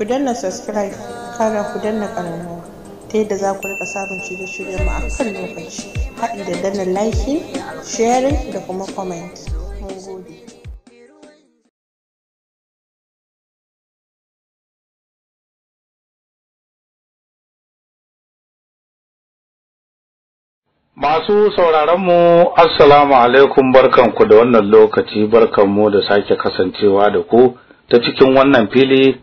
ku danna subscribe kara ku danna karamo ta yadda za ku rika samun shirye shiryen mu a kan lokaci haɗi da danna like sharing da kuma comment mun gode Masu sauraronmu, Assalamu alaikum barkanku da wannan lokaci barkanmu da sake kasancewa da ku ta cikin wannan fili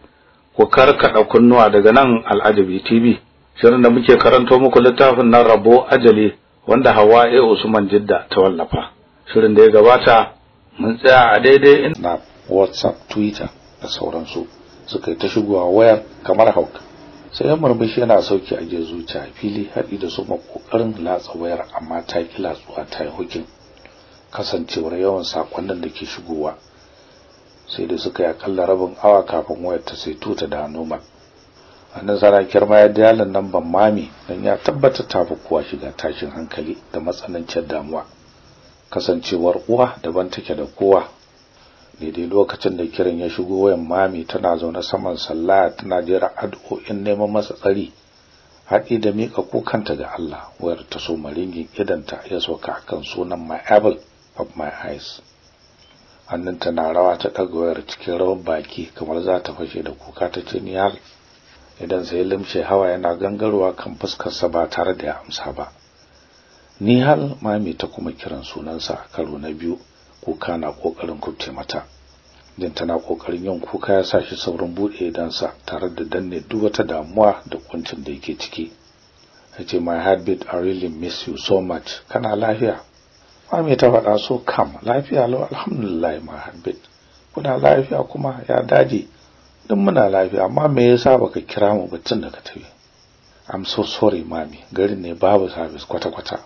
ku karkada kunnuwa daga nan al'ajabi tv shirin da muke karanto muku littafin nan rabo ajali wanda a usman jidda ta wallafa shirin da ya gabata mun tsaya a daidai in na whatsapp twitter da sauransu suka yi ta shigowa wayar kamar hauka sai yan marmashi yana sauki a je zuciya fili haɗi da su kokarin latsa wayar amma ta ki latsuwa ta yi hukin kasancewar yawan saƙonnin da ke shigowa sai da suka yi akalla rabin awa kafin wayar ta sai tuta da hannuman. annan sarakiyar ma ya diyalin nan ban mami don ya tabbata tafi fi kuwa shiga tashin hankali da matsanancin damuwa kasancewar uwa daban take da kowa daidai lokacin da kiran ya shigo wayan mami tana zaune saman sallah tana jira addu'o'in neman masa tsari haɗi da miƙa kukanta ga Allah wayar ta so maringin idanta ya sauka kan sunan my apple of my eyes hannunta na rawa ta ɗaga wayar cikin rawan baki kamar za ta fashe da kuka ta ce ni har idan sai limshe hawa yana gangarwa kan fuskarsa ba tare da ya amsa ba ni hal mami ta kuma kiran sunansa karo na biyu kuka na kokarin kubce mata din tana kokarin yin kuka ya sa shi saurin bude idansa tare da danne duk wata damuwa da kuncin da yake ciki yace my heartbeat i really miss you so much kana lafiya mami ta faɗa so kam lafiya lau alhamdulillah ma habib kuna lafiya kuma ya daji duk muna lafiya amma me yasa baka kira mu ba da ka tafi I'm so sorry mami garin ne babu service kwata kwata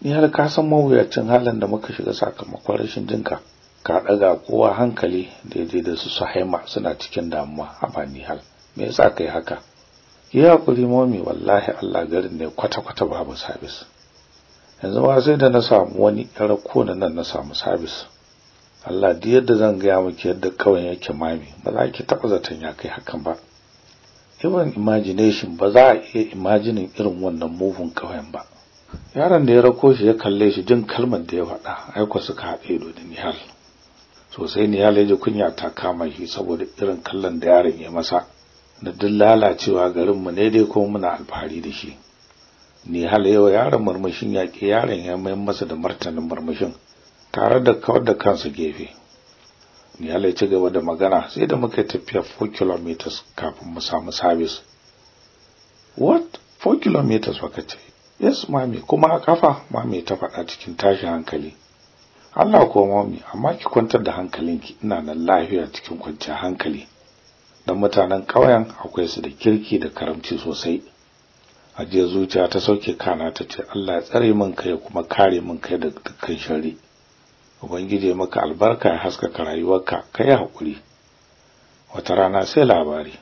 ni har ka san mawuyacin halin da muka shiga sakamakon rashin jinka ka daga kowa hankali daidai da su haima suna cikin damuwa amma ni hal me yasa kai haka ya hakuri mami wallahi Allah garin ne kwata kwata babu service yanzu ma sai da na samu wani rako na nan na samu sabis Allah duk yadda zan gaya miki yadda kawai yake mami ba za ki taɓa zaton ya kai hakan ba even imagination ba za a iya imaginin irin wannan mufin kawai ba yaron da ya rako shi ya kalle shi jin kalmar da ya faɗa aiko suka haɗe ya hal so sosai ni ya laje kunya ta kama shi saboda irin kallon da yaron ya masa na cewa lalacewa mu ne dai ko muna alfahari da shi ne hal yau yaron marmashin ya ke yaron ya mayan masa da martanin marmashin tare da kawar da kansa gefe ne hal ya ci gaba da magana sai da muka tafiya 4 kilometers kafin mu samu sabis. what 4 kilometers baka ce yes mami kuma a kafa mami ta faɗa cikin tashin hankali Allah ko mami amma ki kwantar da hankalinki ina nan lafiya cikin kwanciyar hankali dan mutanen ƙauyen akwai su da kirki da karamci sosai aje zuciya ta sauke kana ta ce Allah ya tsare min kai kuma kare min kai daga dukkan shari ubangije maka albarka ya haskaka rayuwarka kai hakuri wata rana sai labari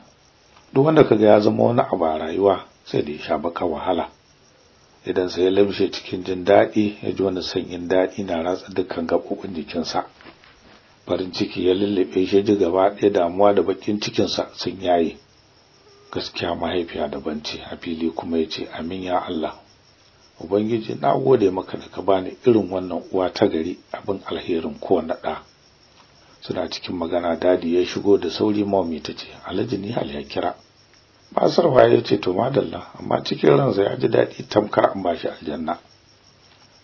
duk wanda kaga ya zama wani abu a rayuwa sai da ya sha baka wahala idan sai ya lamshe cikin jin daɗi ya ji wani sanyin daɗi na ratsa dukkan gaɓoɓin jikinsa farin ciki ya lullube shi ji gaba ɗaya damuwa da bakin cikinsa sun yaye gaskiya mahaifiya daban ce a fili kuma ya ce amin ya Allah ubangiji na gode maka da ka bani irin wannan uwa ta gari abin alherin na ɗa suna cikin magana dadi ya shigo da sauri mami ta ce alhaji ni hal ya kira ya ce to madalla amma cikin ransa ya ji daɗi tamkar an bashi aljanna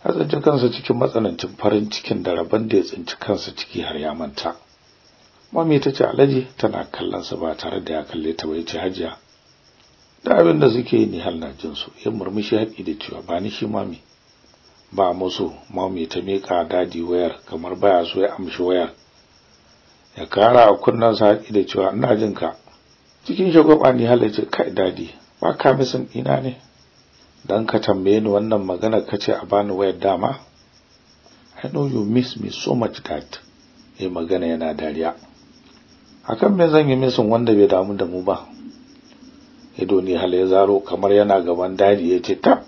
ya tsinci kansa cikin matsanancin farin cikin da rabon da ya tsinci kansa ciki har ya manta mami ta ce alaji tana kallon sa ba tare da ya kalle ta wai ce hajiya da abin da suke yi ni hal na jin su ya murmushi haƙi da cewa ba ni shi mami ba musu mami ta miƙa dadi wayar kamar baya so ya amshi wayar ya kara a kunnen sa haƙi da cewa ina jin ka cikin shagwaba ni hal ce kai dadi ba ka misin ina ne dan ka tambaye ni wannan magana kace a bani wayar dama I know you miss me so much that ya magana yana dariya akan me zan yi musu wanda bai damu da mu ba ido ne hal ya zaro kamar yana gaban dadi ya ce ta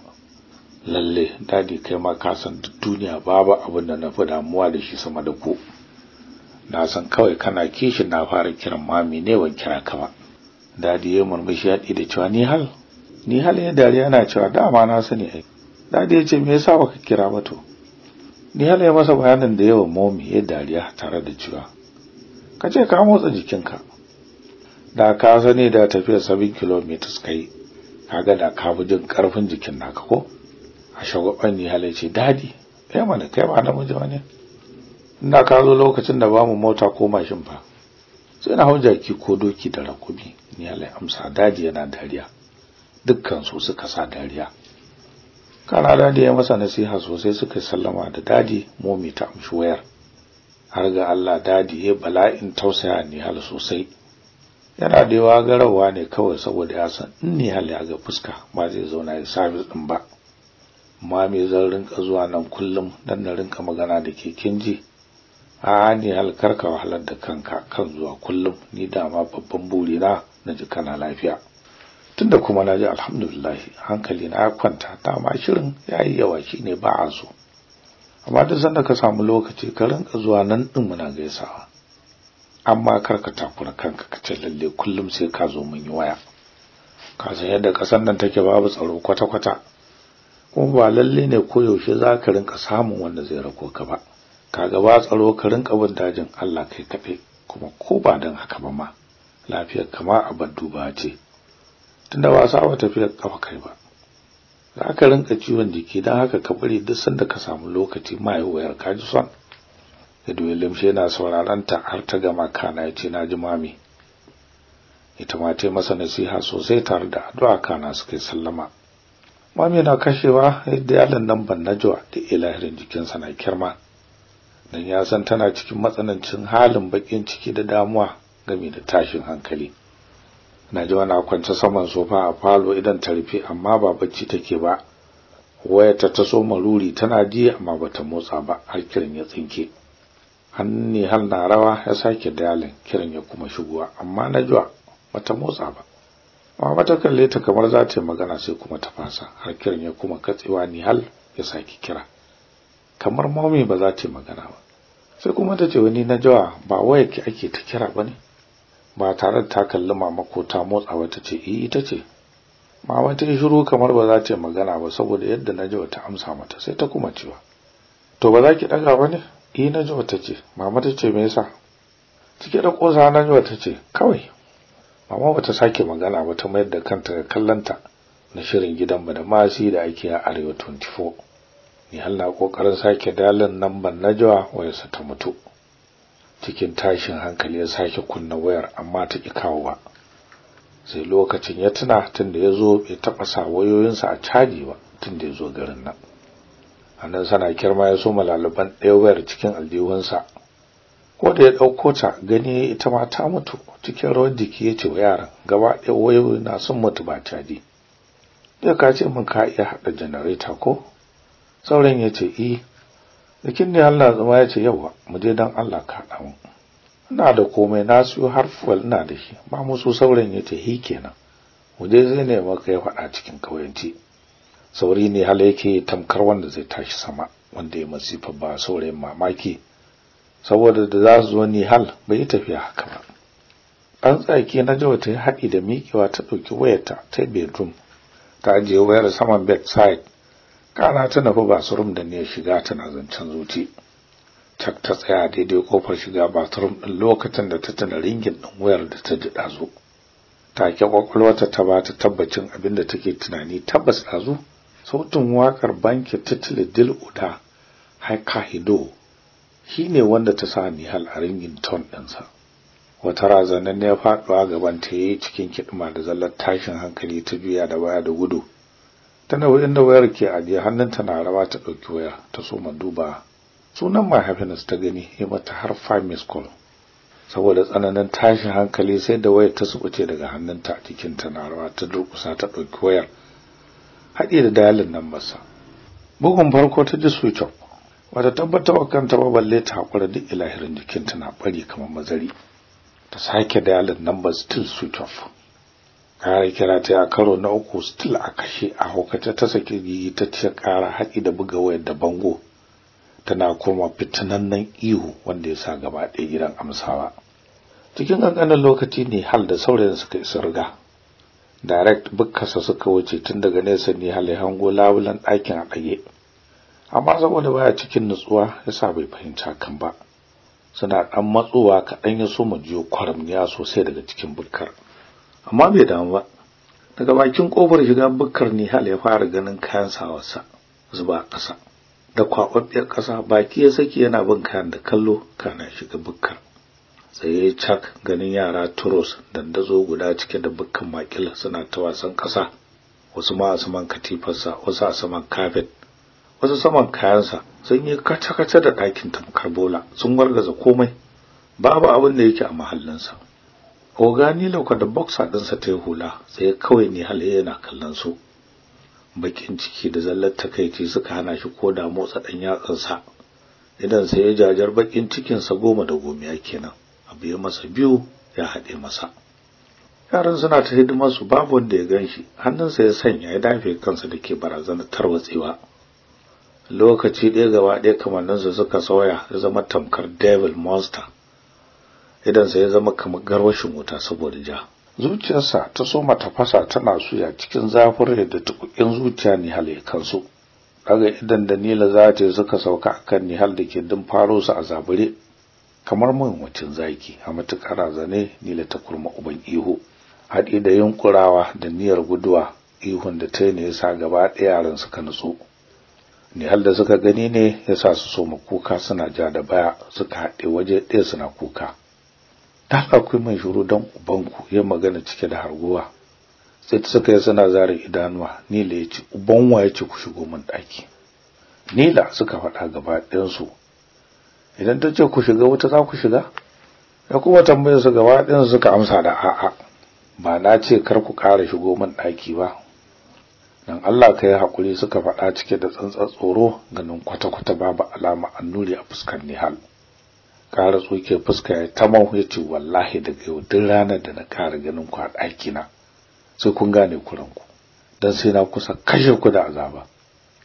lalle dadi kai ma ka san duk duniya babu abin da na fi damuwa da shi sama da ku na san kawai kana kishin na fara kiran mami ne wan kira ka ba dadi ya murmushi ya da cewa ni hal ni hal ya dariya yana cewa dama na sani ai dadi ya ce me yasa baka kira ba to ni hal ya masa bayanin da yawan momi ya dariya tare da cewa ka ce ka motsa jikinka da ka sani da tafiya 7 kilometers kai kaga da ka bi jin karfin jikin naka ko a shagwaban ni halaice ce dadi kai mana kai ba namiji wani ina ka zo lokacin da bamu mota ko mashin fa sai na hau jaki ko doki da rakubi ni halai amsa dadi yana dariya dukkan su suka sa dariya kana dadi ya masa nasiha sosai suka sallama da dadi momi ta amshi wayar har ga Allah dadi ya bala'in tausaya ni hal sosai yana da yawa garawa ne kawai saboda ya san in ni hal ya ga fuska ba zai zauna ya service din ba amma me zan rinka zuwa nan kullum dan na rinka magana da ke kinji a ni hal karka wahalar da kanka kan zuwa kullum ni dama babban buri na na ji kana lafiya tunda kuma na ji alhamdulillah hankali na kwanta ma shirin yayi yawa shine ba a so amma duk sanda ka samu lokaci ka rinka zuwa nan din muna gaisawa amma kar ka takura kanka ka ce lalle kullum sai ka zo mun yi waya ka san yadda kasan nan take babu tsaro kwata kwata kuma ba lalle ne ko yaushe za ka rinka samun wanda zai rako ka ba kaga ba tsaro ka rinka bin dajin Allah kai kafe kuma ko ba dan haka ba ma lafiyar kama a duba ce tunda ba sa ba tafiyar kafa kai ba za ka rinka ciwon jiki don haka ka bari duk sanda ka samu lokaci mahaifiyar ka ji son Edwin Limshe yana sauraron ta har ta gama kana ya ce na ji mami ita ma ta masa nasiha sosai tare da addu'a kana suka sallama mami na kashewa yadda yalin nan ban na jiwa da ilahirin jikinsa na kirma dan ya san tana cikin matsanancin halin bakin ciki da damuwa game da tashin hankali na ji wani kwance saman sofa a falo idan ta rufe amma ba bacci take ba wayarta ta so maruri tana ji amma bata motsa ba har kiran ya tsinke hanni har na rawa ya sake dalin kiran ya kuma shigowa amma na ba bata motsa ba amma ta kalle ta kamar za ta yi magana sai kuma ta fasa har kiran ya kuma katsewa ni hal ya sake kira kamar momi ba za ta yi magana ba sai kuma ta ce wani na jiwa ba wayarki ake ta kira ba ne ba tare da ta kalli mama ko ta motsa ba ce eh ita ce mama ta yi shiru kamar ba za ta yi magana ba saboda yadda na wata amsa mata sai ta kuma cewa to ba za ki daga ba ne eh na wata ce mama ta ce me yasa cike da ƙosa na wata ce kawai mama bata ta sake magana ba ta mayar da kanta ga kallanta na shirin gidan ba da masi da ake a arewa 24 ni Allah kokarin sake dalin namban najawa wayarsa ta mutu cikin tashin hankali ya sake kunna wayar amma ta ki ba. sai lokacin ya tuna tunda ya zo bai taɓa sa wayoyinsa a caji ba tunda ya zo garin nan annan sana kirma ya so malaluban ɗaya wayar cikin aljihunsa ko da ya ɗauko ta gani ita ma ta mutu cikin rawar jiki yace ce wa yaran gaba ɗaya wayoyi na sun mutu ba caji ya kace ce min ka iya haɗa janareta ko sauran yace ce eh. jikin ne Allah zama ya ce yawa mu je dan Allah ka mu ina da komai na siyo har fuel ina da shi ba musu sauran ya ce hi kenan mu je zai ne maka ya faɗa cikin kauyanci sauri ne hala yake tamkar wanda zai tashi sama wanda ya masifa ba saurayin mamaki saboda da za su zo ni hal bai yi tafiya haka ba ɗan tsaki na jawa ta yi haɗi da miƙewa ta ɗauki wayarta ta bedroom ta ajiye wayar saman bedside kana ta nufi bathroom da ne shiga tana zancen zuci tak ta tsaya daidai kofar shiga bathroom ɗin lokacin da ta tana ringin ɗin wayar da ta ji ɗazu ke kokolwata ta ba ta tabbacin abin da take tunani tabbas ɗazu sautin wakar banki titili dil uda ka hido shi wanda ta sa hal a ringin ton ɗinsa wata razanin ne ya faɗuwa gaban ta yi cikin kiɗima da zallar tashin hankali ta juya da baya da gudu tana da wayar ke ajiye hannunta na rawa ta ɗauki waya ta so duba sunan happiness ta gani ya mata har five miss saboda tsananin tashin hankali sai da wayar ta subuce daga hannunta a cikin ta na rawa ta durkusa ta ɗauki wayar haɗe da dayalin nan masa bugun farko ta ji switch off wata tabbatar wa kanta ba balle ta hakura duk ilahirin jikinta na bari kamar mazari ta sake dayalin number still switch off Kare kira ta a karo na uku still a kashe a hukace ta saki gigi ta ce kara haƙi da buga wayar da bango tana koma fitinannen ihu wanda ya sa gaba ɗaya gidan amsawa cikin ƙanƙanin lokaci ne hal da saurayin suka isa riga direct bukkasa suka wuce tun daga nesa ne hal ya hango labulan ɗakin a ɗage amma saboda baya cikin nutsuwa yasa bai fahimta kan ba suna ɗan matsowa kaɗan ya so mu jiyo kwaramniya sosai daga cikin bukkar amma bai damu ba daga bakin kofar shiga bukkar hal ya fara ganin kayan sawarsa zuba ƙasa da kwakwabiyar ƙasa baki ya saki yana bin kayan da kallo kana shiga bukkar tsaye cak ganin yara turos dandazo guda cike da bukkan makil suna ta wasan ƙasa wasu ma a saman katifarsa wasu a saman kafet wasu saman kayansa sun yi kaca-kaca da ɗakin tamkar bola sun wargaza komai babu abin da yake a mahallinsa ogani laukar da boxer ɗinsa ta yi hula sai kawai ne hal yana kallon su bakin ciki da zallar takaici suka hana shi ko da motsa ɗan yatsansa idan sai ya jajar bakin cikinsa goma da gomiya kenan abu ya masa biyu ya haɗe masa yaran suna ta hidimar su babu wanda ya gan shi hannunsa ya sanya ya dafe kansa da ke barazanar tarwatsewa lokaci ɗaya gaba ɗaya kamanninsa suka sauya ya zama tamkar devil monster Idan sai ya zama kamar garwashin wuta saboda ja zuciyarsa ta soma tafasa tana suya cikin zafin rai da tukukin zuciya Nihal ya kansu daga idan Danila za ta suka sauka akan Nihal da ke din faro su a zabure kamar mun wucin zaki a matukar razane Nila ta kurma uban ihu haɗe da yunkurawa da niyyar guduwa ihun da ta ne yasa gaba ɗaya yaran suka nutsu Nihal da suka gani ne yasa su soma kuka suna ja da baya suka haɗe waje ɗaya suna kuka dan akwai mai shuru dan ubanku ya magana cike da harguwa sai ta saka suna zare idanuwa nila ya ce uban wa yace ku shigo min ɗaki nila suka faɗa gaba su idan ta ce ku shiga wata za ku shiga ya kuma tambayar su gaba su suka amsa da a'a ba na ce kar ku ƙara shigo min ɗaki ba dan Allah ka yi hakuri suka faɗa cike da tsantsar tsoro ganin kwata-kwata babu alama annuri a fuskar Nihal. ƙara yake fuska ya ta ya ce wallahi daga yau duk ranar da na kara ganin ku a na sai kun gane kuranku don sai na kusa kashe ku da azaba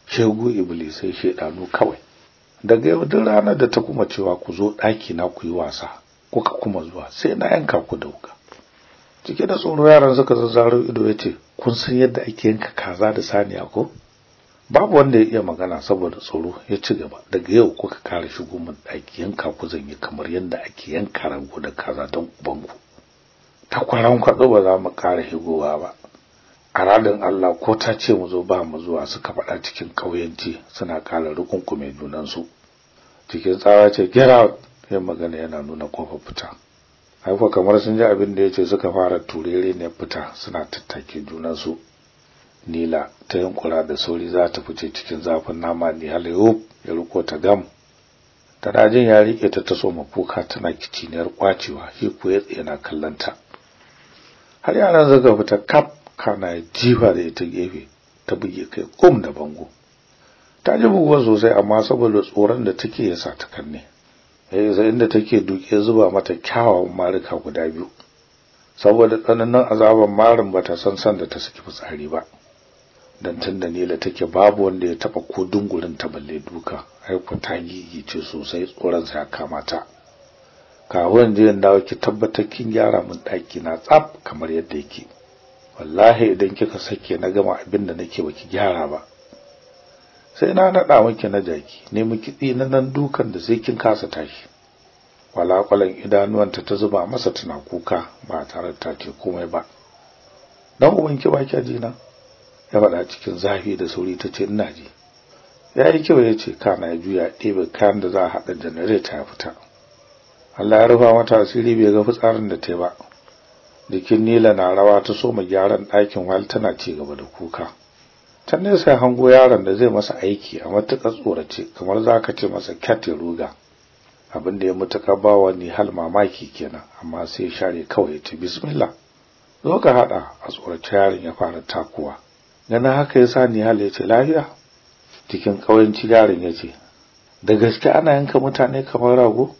shegu sai shaidanu kawai daga yau duk ranar da ta kuma cewa ku zo ɗakina ku yi wasa kuka kuma zuwa sai na yanka ku dauka. wuka cike da tsoro yaran suka zazzaro ido ya ce kun san yadda ake yanka kaza da saniya ko babu wanda ya iya magana saboda tsoro ya ci gaba daga yau kuka kare shigo mun daki yanka ku zanyi kamar yadda ake yanka rago da kaza don ubanku ta kwaran kwado ba za mu kare shigowa ba a radin Allah ko ta ce mu zo ba mu zuwa suka faɗa cikin ƙauyenci suna kala rukunkume su cikin tsawa ce get out magana yana nuna kofar fita haifa kamar sun ji abin da ya ce suka fara turere ne fita suna tattake junansu nila ta yunkura da sauri za ta fice cikin zafin nama ni halayub ya riko ta gam ta jin ya rike ta taso mafuka tana kiciniyar kwacewa shi ko ya na kallanta har yaran zaga fita kap kana jifa da ita gefe ta buge kai kum da bango ta ji buguwa sosai amma saboda tsoron da take sa ta kanne eh sai inda take duke zuba mata kyawawan marika guda biyu saboda tsananin azaban marin bata san san da ta saki fitsari ba Dantan da nila take babu wanda ya taba ko dungurin ta balle duka ai ku ta gigice sosai tsoron sa ya kamata kawun je dawo ki tabbatar kin gyara mun daki na tsaf kamar yadda yake wallahi idan kika sake na gama abin da nake baki gyara ba sai na nada miki na jaki ne miki nan dukan da sai kin kasa tashi walakwalan idanuwanta ta zuba masa tana kuka ba tare da ta ce komai ba dan uban ki baki ajina ya faɗa cikin zafi da sauri ta ce ina ji ya yi kyau ya ce kana na juya ɗebe kayan da za a haɗa janareta ya fita Allah ya rufa mata asiri bai ga fitsarin da ta ba jikin nila na rawa ta soma gyaran ɗakin wal tana ci gaba da kuka ta nesa hango yaron da zai masa aiki a matuƙar tsorace kamar za ce masa kyat ya ruga abin da ya matuƙa ba wa nihal mamaki kenan amma sai ya share kawai ta bismillah zo ka haɗa a tsorace yaron ya fara takuwa ganin haka yasa ni ya ce lafiya cikin ƙawanci yaron ya ce da gaske ana yanka mutane kamar rago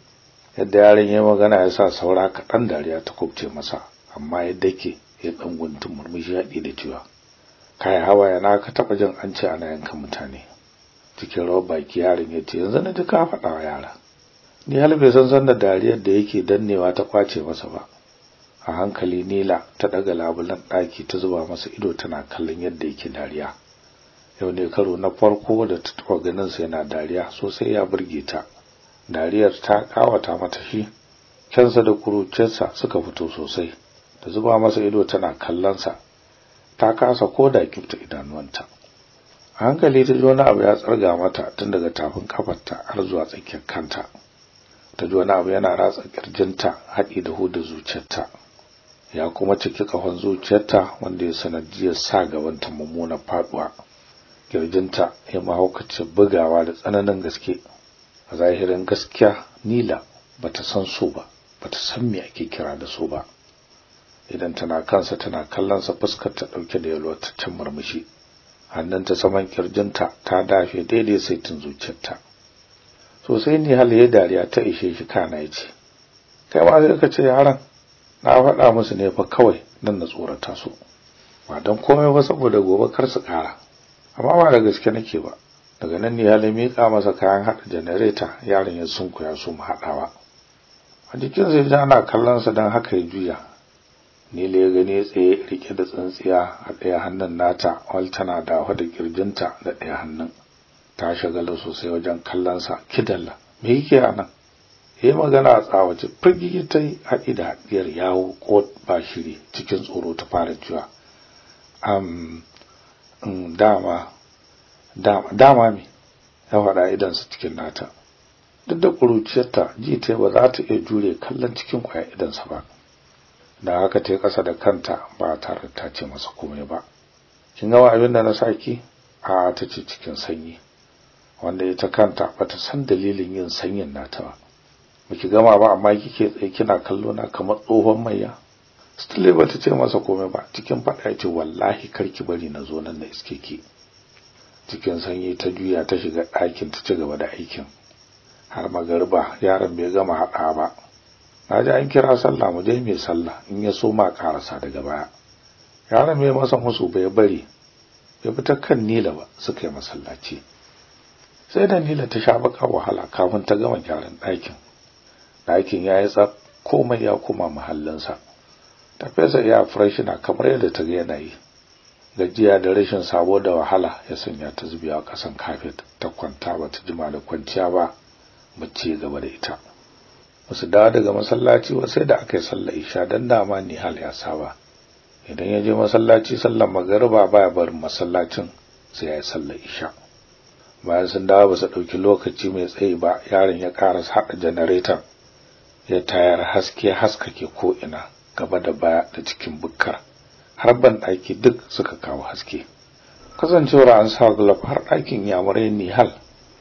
yadda yaron ya magana yasa sa saura kaɗan dariya ta kubce masa amma yadda ke ya ɗan guntun murmushi haɗi da cewa kai hawa yana ka taɓa jin an ce ana yanka mutane cikin rawar baki yaron ya ce yanzu ne duka ka faɗa wa yara ni bai san san da dariyar da yake dannewa ta kwace masa ba a hankali nila ta daga labulan ɗaki ta zuba masa ido tana kallon yadda yake dariya yau ne karo na farko da ta taɓa sa yana dariya sosai ya burge ta dariyar ta kawata mata shi kyansa da kurucinsa suka fito sosai ta zuba masa ido tana kallon sa, ta kasa koda kifta idanuwanta a hankali ta jona abu ya tsarga mata tun daga tafin kafarta har zuwa tsakiyar kanta ta ji abu yana ratsa kirjinta haɗi da huda zuciyarta ya kuma ciki kafan zuciyarta wanda ya jiya sa gabanta mummuna faduwa kirjinta ya mahaukace bugawa da tsananin gaske a zahirin gaskiya nila bata san so ba bata san me ake kira da so ba idan tana kansa tana kallon sa fuskar ta dauke da cin murmushi hannunta saman kirjinta ta dafe daidai saitin zuciyarta sosai ne hal ya dariya ta ishe shi kana yace kai ma sai ka ce yaran na faɗa musu ne fa kawai dan na tsorata su ba dan komai ba saboda gobe kar su kara amma ba da gaske nake ba daga nan ne ya miƙa masa kayan hada janareta yaron ya kuya su mu haɗawa a jikin sai da ana kallon sa dan haka ya juya ni le gani ya tsaye rike da tsintsiya a ɗaya hannun nata wal tana dawo da kirjinta da ɗaya hannun ta shagala sosai wajen kallon sa kidalla me yake a nan ya magana a tsawace firgigi ta yi haɗi haɗiyar yawo ko ba shiri cikin tsoro ta fara jiwa am mm, dama dama me ya faɗa idansa cikin nata duk da ƙuruciyarta ji ta ba za ta iya jure kallon cikin kwaya idansa ba da haka ta yi ƙasa da kanta ba tare ta ce masa komai ba kin gama abin da na saki a ta ce cikin sanyi wanda ita kanta ba ta san dalilin yin sanyin nata ba baki gama ba amma kike tsaye kina kallo na kamar tsohon maiya stille ta ce masa komai ba cikin faɗa ce wallahi karki bari na zo nan na iske ki cikin sanyi ta juya ta shiga ɗakin ta ci gaba da aikin har magarba yaron bai gama haɗa ba naji ji an kira sallah mu je mai sallah in ya so ma karasa daga baya yaron bai masa musu bai bari bai fita kan nila ba suka yi masallaci sai da nila ta sha baka wahala kafin ta gama gyaran ɗakin Dakin ya yi tsaf komai ya koma mahallinsa ta fesa iya na kamar yadda ta ga yi gajiya da rashin sabo da wahala ya sanya ta zubi a ƙasan kafet ta kwanta ba ta jima da kwanciya ba mace gaba da ita wasu dawa daga masallaci wa sai da aka yi sallar isha don dama hal ya saba idan ya je masallaci sallar magariba baya barin masallacin sai ya yi sallar isha bayan sun dawo ba su ɗauki lokaci mai tsayi ba yaron ya ƙarasa haɗa janareton ya tayar haske haskake ko'ina gaba da baya da cikin bukkar har ban ɗaki duk suka kawo haske kasancewar an sa gulab har ɗakin yamurai nihal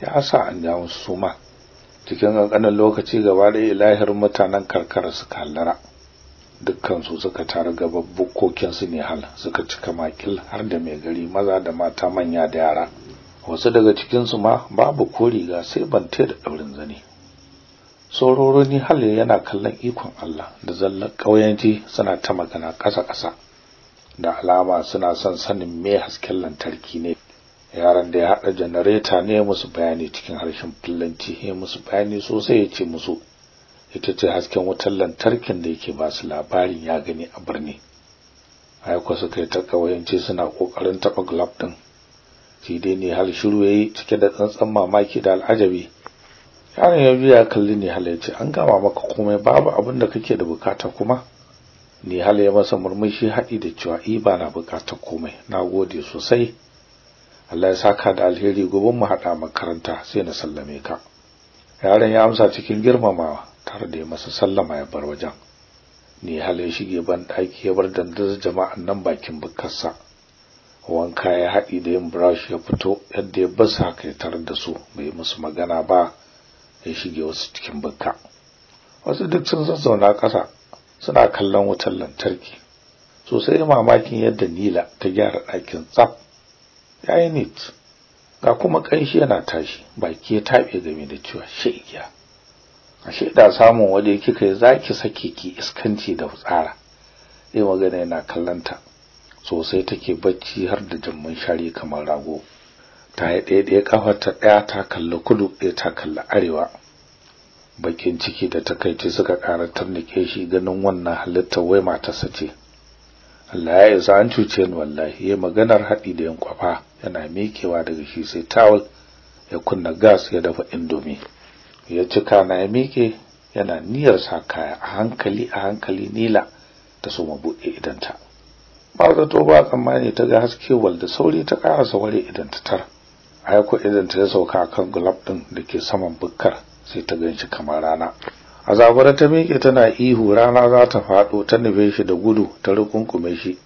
ya sa an ja musu suma cikin ƙanƙanin lokaci gaba da ilahir mutanen karkara suka hallara dukkansu suka taru gaba bukkokinsu ne hal suka cika makil har da mai gari maza da mata manya da yara wasu daga cikinsu ma babu ko riga sai ban da ɗaurin zane sororoni halil yana kallon ikon Allah da zalla ƙauyanci suna ta magana ƙasa-ƙasa da alama suna son sanin me hasken lantarki ne yaran da ya haɗa janareta ne musu bayani cikin harshen fulanci ya musu bayani sosai ya ce musu ita ce hasken wutar lantarkin da yake ba su labarin ya gani a birni aiko suka yi ta kauyanci suna ƙoƙarin taɓa glove ɗin shi dai ne hal shiru yayi cike da tsantsan mamaki da al'ajabi yaron ya biya kalli ne Nihal ya ce an gama maka komai babu abin da kake da bukata kuma Nihal ya masa murmushi haɗi da cewa i e, ba na bukata komai gode sosai Allah ya saka da alheri gobin mu haɗa makaranta sai na sallame ka yaron ya amsa cikin girmamawa tare da ya masa sallama ya bar wajen Nihal ya shige ban ɗaki ya bar dandazon jama'an nan bakin bukarsa wanka ya haɗi da yin brush ya fito yadda ya basa kai tare da su bai musu magana ba ya shige wasu cikin bukka wasu duk sun zazzauna ƙasa suna kallon wutar lantarki sosai mamakin yadda nila ta gyara ɗakin tsaf ya yi nit ga kuma ƙanshi yana tashi baki ya taɓe game da cewa shegiya a da samun waje kika yi za ki sake ki iskanci da tsara sai magana yana kallanta sosai take bacci har da jamman shari kamar rago ta yi ɗaiɗaya kafa ta ɗaya ta kalla kudu ɗaya ta kalla arewa bakin ciki da takaici suka ƙara tarnike shi ganin wannan halittar wai matarsa ce Allah ya isa an cuce ni wallahi ya maganar haɗi da yankwafa yana mikewa daga shi sai tawul ya kunna gas ya dafa indomi ya cika na ya mike yana niyyar sa kaya a hankali a hankali nila ta so mabuɗe idanta ba zato ba tsammani ta ga haskewal da sauri ta ƙara saware idan ta tara aiko idan ta sauka kan gulab ɗin da ke saman bukkar sai ta shi kamar rana a ta miƙe tana ihu rana za ta faɗo ta nufe shi da gudu ta rukunkume shi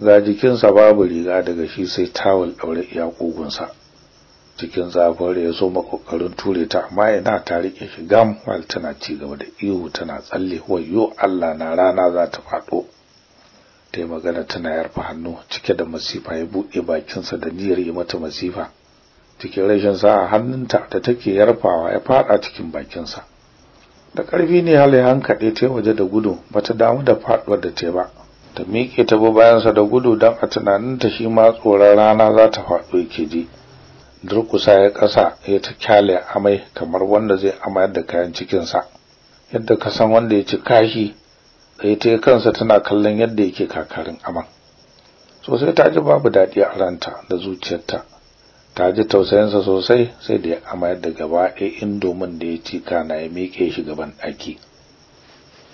ga jikinsa babu riga daga shi sai tawul ɗaure iya ƙugunsa cikin zafin ya zo makokarin ture ta amma ina ta riƙe shi gam wal tana ci gaba da ihu tana tsalle wayo Allah na rana za ta faɗo ta yi magana tana yarfa hannu cike da masifa ya buɗe bakinsa da niyyar yi mata masifa cikin rashin sa'a hannunta da take yarfawa ya fada cikin bakinsa da ƙarfi ne hal ya ta waje da gudu ba ta damu da faɗuwar da ta ba ta miƙe ta bi bayansa da gudu don a tunaninta shi ma tsoron rana za ta faɗo yake ji durkusa ya ƙasa ya ta kyale amai kamar wanda zai amayar da kayan cikinsa yadda ka san wanda ya ci kashi tsaye ta kansa tana kallon yadda yake kakarin aman sosai ta ji babu daɗi a ranta da zuciyarta ta ji tausayinsa sosai sai da ya amayar da gaba ɗaya indomin da ya ci kana ya miƙe shi gaban ɗaki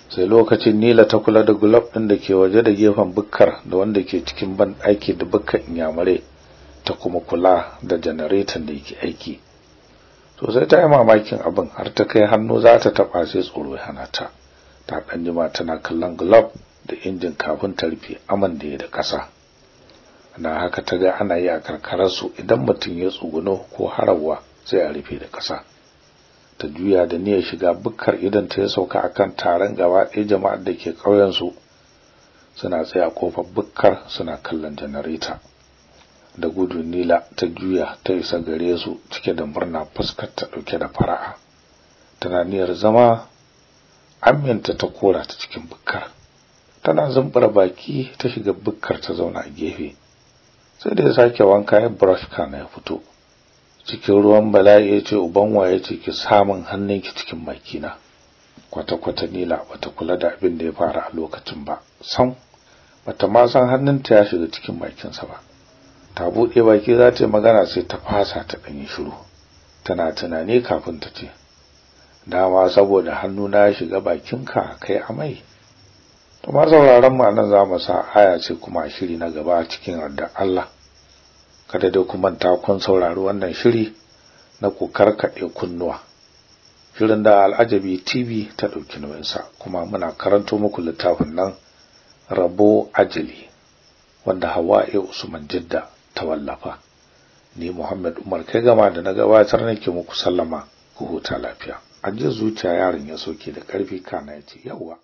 sai lokacin nila ta kula da gulab ɗin da ke waje da gefen bukkar da wanda ke cikin ban ɗaki da bukkar inyamurai ta kuma kula da janaretan da yake aiki sosai ta yi mamakin abin har ta kai hannu za ta taɓa sai tsoro ya hana ta ta ɗan jima tana kallon gulab da injin kafin ta rufe aman da ya da ƙasa na haka ta ga ana yi a karkararsu idan mutum ya tsuguno ko harawa sai a rufe da ƙasa ta juya da niyyar shiga bukkar idan ta ya sauka akan taron gaba ɗaya jama'ar da ke ƙauyensu suna tsaya kofar bukkar suna kallon janareta da gudun nila ta juya ta isa gare su cike da murna fuskar ta ɗauke da fara'a tana niyyar zama aminta ta kora ta cikin bukkar tana zumbura baki ta shiga bukkar ta zauna a gefe sai da ya sake wanka ya brush kana ya fito cikin ruwan bala'i ya ce uban waye ce ki samun hannunki cikin makina kwata-kwata nila bata kula da abin da ya fara a lokacin ba san bata ma san hannunta ya shiga cikin makinsa ba ta buɗe baki za ta yi magana sai ta fasa ta ɗanyi shiru tana tunani kafin ta ce dama saboda hannuna ya shiga bakinka kai amai kuma sauraron mu nan za mu sa aya ce kuma shiri na gaba cikin yarda Allah kada dai ku manta kun saurari wannan shiri na ku karkaɗe kunnuwa shirin da al'ajabi TV ta ɗauki sa kuma muna karanto muku littafin nan rabo ajali wanda hawa e Usman Jidda ta wallafa ni Muhammad Umar kai gama da na gabatar nake muku sallama ku huta lafiya a zuciya yaron ya soke da karfi kana yace yauwa